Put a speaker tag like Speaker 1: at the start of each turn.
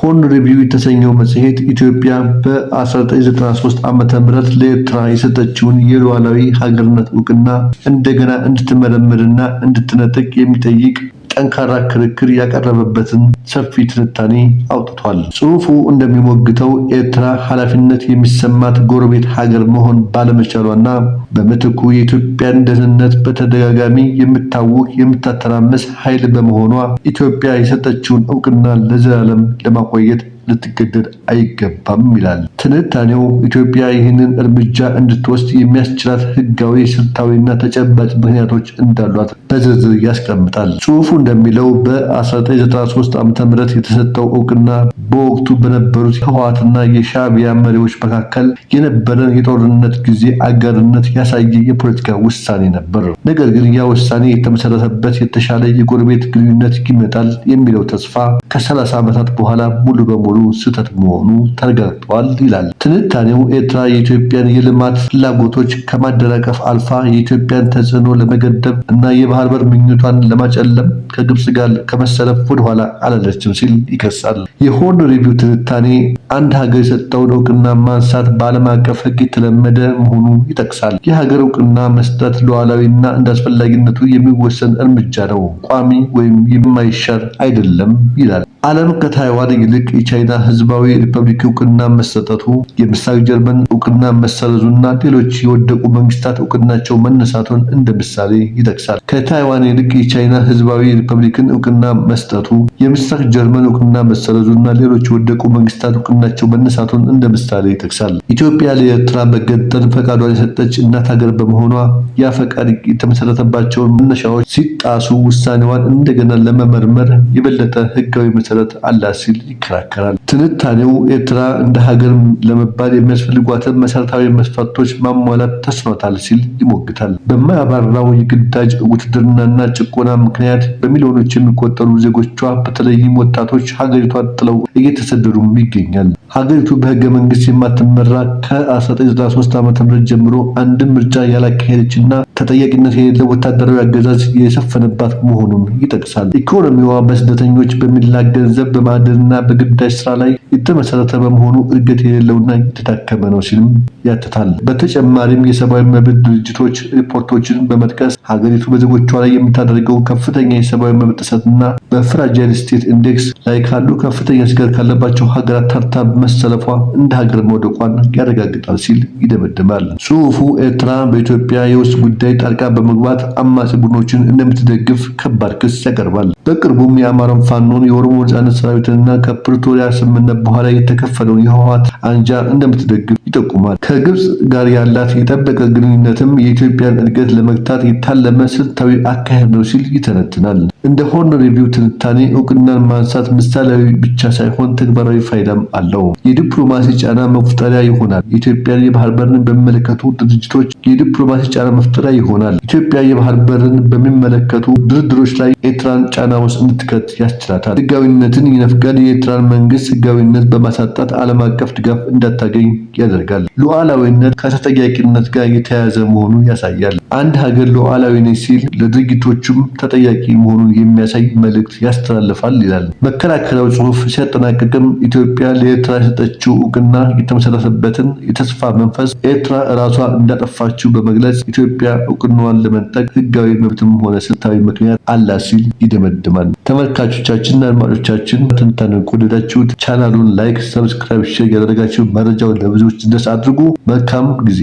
Speaker 1: ኮን ሪቪው የተሰኘው መጽሔት ኢትዮጵያ በ1993 ም ለኤርትራ የሰጠችውን የሉዓላዊ ሀገርነት እውቅና እንደገና እንድትመረምርና እንድትነጥቅ የሚጠይቅ ጠንካራ ክርክር ያቀረበበትን ሰፊ ትንታኔ አውጥቷል። ጽሑፉ እንደሚሞግተው ኤርትራ ኃላፊነት የሚሰማት ጎረቤት ሀገር መሆን ባለመቻሏና በምትኩ የኢትዮጵያን ደህንነት በተደጋጋሚ የምታወቅ የምታተራመስ ኃይል በመሆኗ ኢትዮጵያ የሰጠችውን እውቅና ለዘላለም ለማቆየት ልትገደድ አይገባም ይላል። ትንታኔው ኢትዮጵያ ይህንን እርምጃ እንድትወስድ የሚያስችላት ሕጋዊ፣ ስልታዊና ተጨባጭ ምክንያቶች እንዳሏት በዝርዝር ያስቀምጣል። ጽሑፉ እንደሚለው በ1993 ዓ ም የተሰጠው እውቅና በወቅቱ በነበሩት ህወሓትና የሻዕቢያ መሪዎች መካከል የነበረን የጦርነት ጊዜ አጋርነት ያሳየ የፖለቲካ ውሳኔ ነበር። ነገር ግን ያ ውሳኔ የተመሰረተበት የተሻለ የጎረቤት ግንኙነት ይመጣል የሚለው ተስፋ ከ30 ዓመታት በኋላ ሙሉ በሙሉ ስህተት መሆኑ ተረጋግጧል። ይላል። ትንታኔው ኤርትራ የኢትዮጵያን የልማት ፍላጎቶች ከማደናቀፍ አልፋ የኢትዮጵያን ተጽዕኖ ለመገደብ እና የባህር በር ምኞቷን ለማጨለም ከግብፅ ጋር ከመሰለፍ ወደኋላ አላለችም ሲል ይከሳል። የሆርን ሪቪው ትንታኔ አንድ ሀገር የሰጠውን እውቅና ማንሳት በዓለም አቀፍ ሕግ የተለመደ መሆኑ ይጠቅሳል። የሀገር እውቅና መስጠት ሉዓላዊና እንደ አስፈላጊነቱ የሚወሰን እርምጃ ነው፣ ቋሚ ወይም የማይሻር አይደለም ይላል። ዓለም ከታይዋን ይልቅ የቻይና ህዝባዊ ሪፐብሊክ እውቅና መሰጠቱ፣ የምስራቅ ጀርመን እውቅና መሰረዙና ሌሎች የወደቁ መንግስታት እውቅናቸው መነሳቱን እንደ ምሳሌ ይጠቅሳል። ከታይዋን ይልቅ የቻይና ህዝባዊ ሪፐብሊክን እውቅና መስጠቱ፣ የምስራቅ ጀርመን እውቅና መሰረዙና ሌሎች የወደቁ መንግስታት እውቅናቸው መነሳቱን እንደ ምሳሌ ይጠቅሳል። ኢትዮጵያ ለኤርትራ መገንጠል ፈቃዷን የሰጠች እናት ሀገር በመሆኗ ያ ፈቃድ የተመሰረተባቸውን መነሻዎች ሲጣሱ ውሳኔዋን እንደገና ለመመርመር የበለጠ ህጋዊ መሰረት አላት ሲል ይከራከራል። ትንታኔው ኤርትራ እንደ ሀገር ለመባል የሚያስፈልጓትን መሰረታዊ መስፈርቶች ማሟላት ተስኖታል ሲል ይሞግታል። በማያባራው የግዳጅ ውትድርናና ጭቆና ምክንያት በሚሊዮኖች የሚቆጠሩ ዜጎቿ በተለይም ወጣቶች ሀገሪቷን ጥለው እየተሰደዱም ይገኛል። ሀገሪቱ በህገ መንግስት የማትመራ ከ1993 ዓ ም ጀምሮ አንድም ምርጫ ያላካሄደችና ተጠያቂነት የሌለው ወታደራዊ አገዛዝ የሰፈነባት መሆኑን ይጠቅሳል። ኢኮኖሚዋ በስደተኞች በሚላ ገንዘብ በማዕድንና በግዳጅ ስራ ላይ የተመሰረተ በመሆኑ እድገት የሌለውና የተዳከመ ነው ሲልም ያትታል። በተጨማሪም የሰብአዊ መብት ድርጅቶች ሪፖርቶችን በመጥቀስ ሀገሪቱ በዜጎቿ ላይ የምታደርገው ከፍተኛ የሰብአዊ መብት ጥሰትና በፍራጃይል ስቴት ኢንዴክስ ላይ ካሉ ከፍተኛ ስጋት ካለባቸው ሀገራት ተርታ መሰለፏ እንደ ሀገር መውደቋን ያረጋግጣል ሲል ይደመድማል። ጽሁፉ ኤርትራ በኢትዮጵያ የውስጥ ጉዳይ ላይ ጣልቃ በመግባት አማጺ ቡድኖችን እንደምትደግፍ ከባድ ክስ ያቀርባል። በቅርቡም የአማራን ፋኖን የኦሮሞ ነጻነት ሰራዊትንና ከፕሪቶሪያ ስምምነት በኋላ የተከፈለውን የህወሀት አንጃ እንደምትደግፍ ይጠቁማል። ከግብፅ ጋር ያላት የጠበቀ ግንኙነትም የኢትዮጵያን እድገት ለመግታት የታለመ ስልታዊ አካሄድ ነው ሲል ይተነትናል። እንደ ሆርን ሪቪው ትንታኔ እውቅናን ማንሳት ምሳሌያዊ ብቻ ሳይሆን ተግባራዊ ፋይዳም አለው። የዲፕሎማሲ ጫና መፍጠሪያ ይሆናል። ኢትዮጵያን የባህር በርን በሚመለከቱ ድርጅቶች የዲፕሎማሲ ጫና መፍጠሪያ ይሆናል። ኢትዮጵያ የባህር በርን በሚመለከቱ ድርድሮች ላይ ኤርትራን ጫና ጫና ውስጥ እንድትከት ያስችላታል። ህጋዊነትን ይነፍጋል። የኤርትራን መንግስት ህጋዊነት በማሳጣት ዓለም አቀፍ ድጋፍ እንዳታገኝ ያደርጋል። ሉዓላዊነት ከተጠያቂነት ጋር የተያያዘ መሆኑ ያሳያል። አንድ ሀገር ሉዓላዊ ነች ሲል ለድርጊቶቹም ተጠያቂ መሆኑን የሚያሳይ መልእክት ያስተላልፋል ይላል መከላከያው ጽሑፍ። ሲያጠናቅቅም ኢትዮጵያ ለኤርትራ የሰጠችው እውቅና የተመሰረተበትን የተስፋ መንፈስ ኤርትራ ራሷ እንዳጠፋችው በመግለጽ ኢትዮጵያ እውቅናዋን ለመንጠቅ ህጋዊ መብትም ሆነ ስልታዊ ምክንያት አላት ሲል ይደመድ ያስቀድማል። ተመልካቾቻችንና አድማጮቻችን ትንተንን ከወደዳችሁት ቻናሉን ላይክ፣ ሰብስክራይብ፣ ሼር ያደረጋችሁ መረጃውን ለብዙዎች እንዲደርስ አድርጉ። መልካም ጊዜ